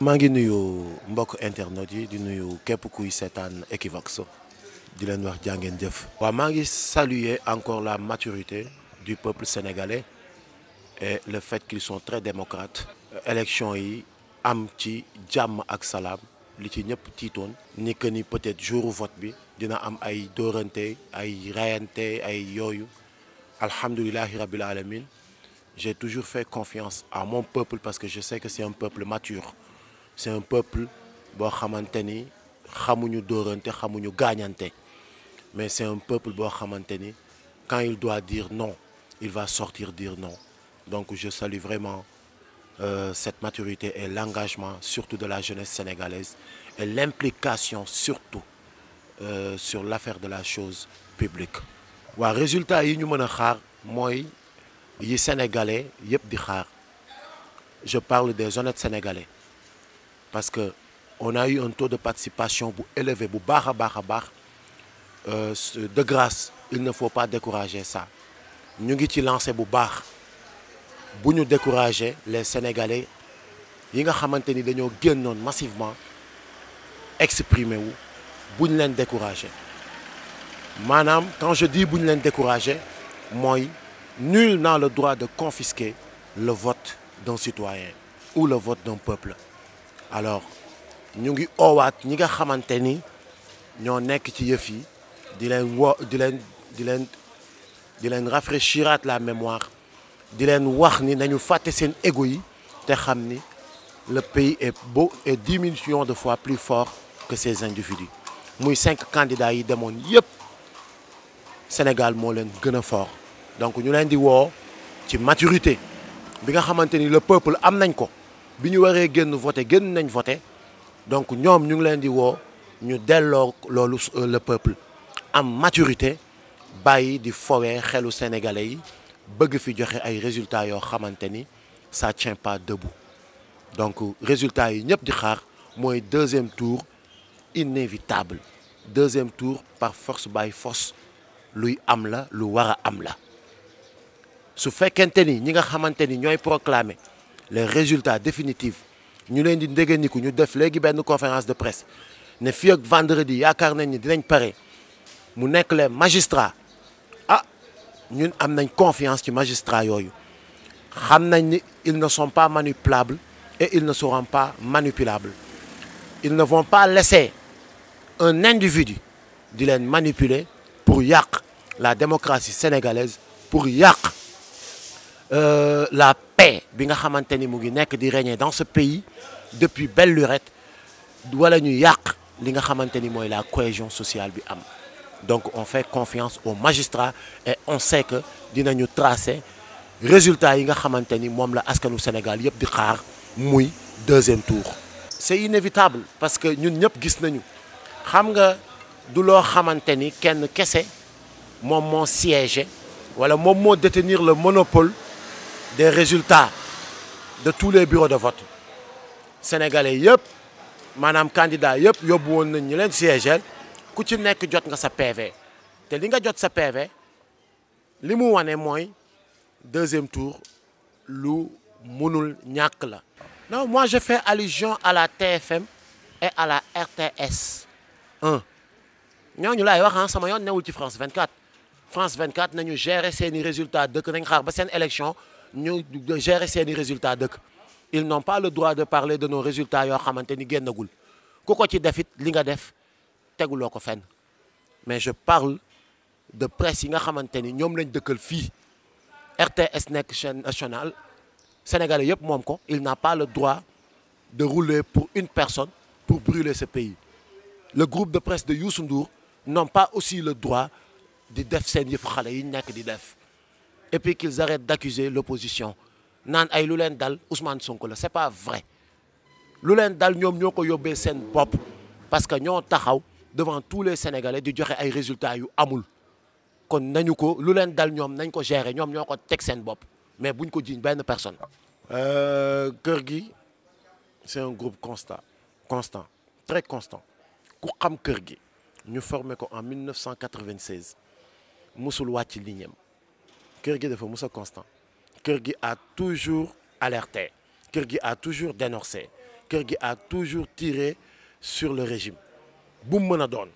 maa ngi nuyu mbokk internet yi di nuyu képp kuy seetaan Equivox di leen wax jàngeen jëf. waaw maa ngi saluer encore la maturité du peuple sénégalais et le fait qu'ils sont très démocrates. élection yi am ci jàmm ak salam li ci ñëpp tiitoon. ni que ni peut-être jour vote bi dina am ay dóorante ay rayante ay yooyu alhamdulilahi rabbil alamin j'ai toujours fait confiance à mon peuple parce que je sais que c'est un peuple mature. c'est un peuple boo xamante ni xamuñu dóorante xamuñu gaañante mais c'est un peuple boo xamante ni quand il doit dire non il va sortir dire non donc je salue vraiment euh, cette maturité et l'engagement surtout de la jeunesse sénégalaise et l'implication surtout euh, sur l'affaire de la chose publique waaw résultat yi ñu mën a xaar mooy yi sénégalais yëpp di xaar je parle des honnêtes sénégalais parce que on a eu un taux de participation bu élevé bu baax a baax a baax euh, de grâce il ne faut pas décourager ça ñu ngi ci lancé bu baax bu ñu décourager les sénégalais yi nga xamante ni dañoo génnoon massivement exprimer wu bu ñu leen décourager maanaam quand je dis bu ñu leen décourager mooy nul n'a le droit de confisquer le vote d'un citoyen ou le vote d'un peuple alors ñu ngi oowaat ñi nga xamante ni ñoo nekk ci yëf yi di leen wo di leen di leen di leen rafraîchiraat la mémoire di leen wax ni nañu fàtte seen égou yi te xam ni le pays est beau et dix de fois plus fort que ces individus muy cinq candidats yi demoon yëpp Sénégal moo leen gën a fort donc ñu leen di woo ci maturité bi nga xamante ni le peuple am nañ ko bi ñu waree génn voté génn nañ voté donc ñoom ñu ngi leen di woo ñu delloo loolu euh, le peuple am maturité bàyyi di fowee xelu sénégalais yi bëgg fi joxe ay résultats yoo xamante ni ça tient pas debout donc résultats yi ñëpp di xaar mooy deuxième tour inévitable deuxième tour par force by force luy am la lu war a am la su fekkente ni ñi nga xamante ni ñooy proclamé les résultats définitifs ñu leen di ndéganiku ñu def léegi benn conférence de presse ne fii ak vendredi yaakaar nañ ni dinañ pare mu nekk les magistrats ah ñun am nañ confiance ci magistrats yooyu xam nañ ni ils ne sont pas manipulables et ils ne seront pas manipulables ils ne vont pas laisser un individu di leen manipuler pour yàq la démocratie sénégalaise pour yàq Euh, la paix bi nga xamante ni mu ngi nekk di régner dans ce pays depuis belle lurette wala ñu yàq li nga xamante ni mooy la cohésion sociale bi am donc on fait confiance aux magistrats et on sait que dinañu tracer résultat yi nga xamante ni moom la askanu Sénégal yëpp di xaar muy deuxième tour. c'est inévitable parce que ñun ñëpp gis nañu xam nga du loo xamante ni kenn kese moom moo siégé wala moom moo détenir le monopole. des résultats de tous les bureaux de vote sénégalais yëpp maanaam candidat yëpp yóbbu woon nañ ñu leen siège ku ci nekk jot nga sa PV te li nga jot sa PV li mu wane mooy deuxième tour lu munul ñàkk la. non moi je fais allusion à la TFM et à la RTS ñoo ñu laay wax ah sama yoon newul ci France 24 France 24 nañu gérer seeni résultat dëkk nañ xaar ba seen élection. ñu gérer seeni résultat dëkk ils n'ont pas le droit de parler de nos résultats yoo xamante ni génnagul ku ko ci defit li nga def teguloo ko fenn mais je parle de presse yi nga xamante ni ñoom lañ dëkkal fii RTS nekk chaîne nationale sénégalais yëpp moom ko il n'a pas le droit de rouler pour une personne pour brûler ce pays le groupe de presse de Youssou Ndour n'ont pas aussi le droit di def seen yëfu xale yi ñu nekk di def et puis qu'ils arrêtent d'accuser l'opposition naan ay lu leen dal Ousmane Sonko la c'est pas vrai lu leen dal ñoom ñoo ko yóbbee seen bopp parce que ñoo taxaw devant tous les Sénégalais di joxe ay résultats yu amul kon nañu ko lu leen dal ñoom nañ ko gérer ñoom ñoo ko teg seen bopp mais buñ ko jiiñ benn personne euh, kër gi c'est un groupe constant constant très constant ku xam kër gi ñu formé ko en 1996 musul wàcc liñeem kër gi dafa mus a constant kër gi a toujours alerté kër gi a toujours dénoncé kër gi a toujours tiré sur le régime bu mu mën a doon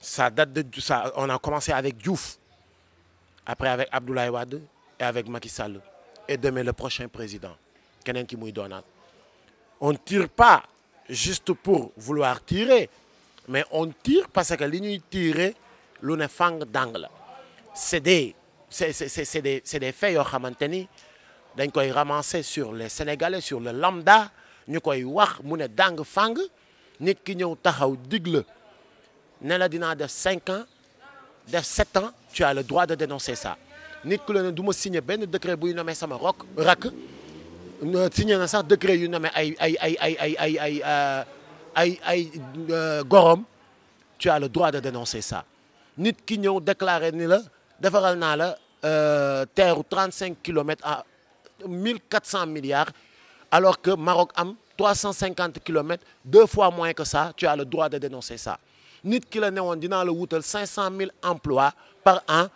ça date de ça commencé avec Diouf après avec Abdoulaye Wade et avec Macky Sall et demain le prochain président keneen ki muy doonaat on ne tire pas juste pour vouloir tirer mais on tire parce que li ñuy tirer lu ne fang dang la c'est des c'est c'est des c'est yoo xamante ni dañ koy ramasser sur les sénégalais sur le lambda ñu koy wax mu ne dàng fàng nit ki ñëw taxaw dig la ne la dinaa def cinq ans def sept ans tu as le droit de dénoncer ça nit ku la ne du ma signer benn décret buy nommé sama rok rak signé na sax décret yu nommé ay ay ay ay ay ay ay euh, ay ay euh, gorom tu as le droit de dénoncer ça nit ki ñëw déclarer ni la defaral naa la euh, teeru 35 kilomètres à 1400 milliards alors que Maroc am 350 kilomètres deux fois moins que ça tu as le droit de dénoncer ça nit ki la newoon dinaa la wutal 500 000 emplois par an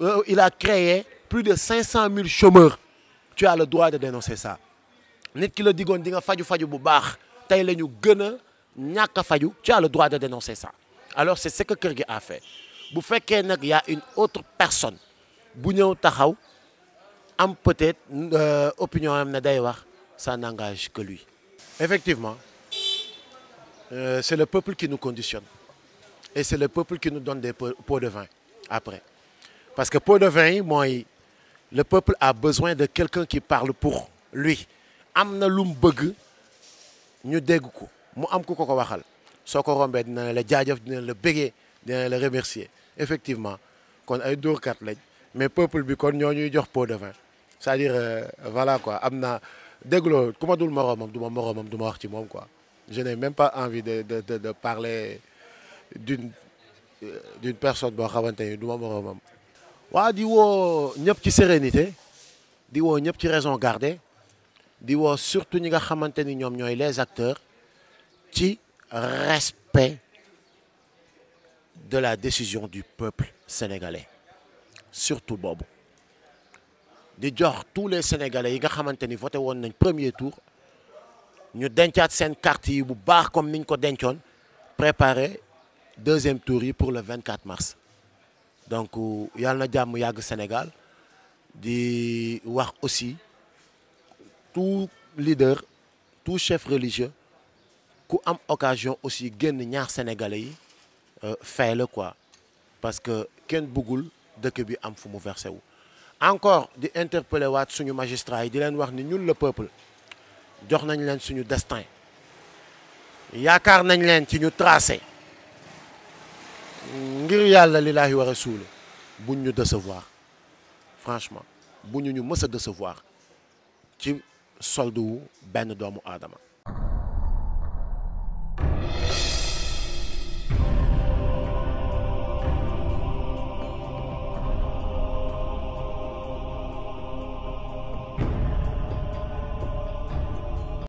euh, il a créé plus de 500 000 chômeurs tu as le droit de dénoncer ça nit ki la digoon di nga faju faju bu baax tey la ñu gën a ñàkk a faju tu as le droit de dénoncer ça alors c'est ce que kër gi a fait bu fekkee nag y a une autre personne bu ñëw taxaw am peut-être euh, opinion am na day wax sa n'engage que lui effectivement euh, c'est le peuple qui nous conditionne et c'est le peuple qui nous donne des pots de vin après parce que pot de vin yi mooy le peuple a besoin de quelqu'un qui parle pour lui am na lu mu bëgg ñu dégg ko mu am ku ko ko waxal soo ko rombee dina la jaajëf dina la bégee dina la remercier effectivement kon ay dóorkat lañ mais peuple bi kon ñoo ñuy jox pot de vin cest dire euh, voilà quoi am na déglo ku ma dul moroomam du ma moroomam du ma wax ci moom quoi je n'ai même pas envie de de de, de parler euh, d'une personne boo xamante ni du ma moroomam waa di woo ñëpp ci sérénité di woo ñëpp ci raison gardée di woo surtout ñi nga xamante ni ñoom ñooy les acteurs ci respect de la décision du peuple sénégalais surtout boobu di jox tous les sénégalais yi nga xamante ni voté woon nañ premier tour ñu dencaat seen carte bu baax comme niñ ko dencoon préparer deuxième touri pour le 24 mars donc euh, yàlla na jàmm yàgg Sénégal di wax aussi tout leader tout chef religieux ku am occasion aussi génn ñaar sénégalais yi Euh, fay quoi parce que kenn bëggul dëkk bi am fu mu versé wu. encore di interpeller waat suñu magistrat yi di leen wax ni ñun le peuple jox nañ leen suñu destin yaakaar nañ leen ci ñu tracé ngir yàlla lillaahi wa rasuuli buñ ñu décevoir franchement buñu ñu mës a décevoir ci solde wu benn doomu aadama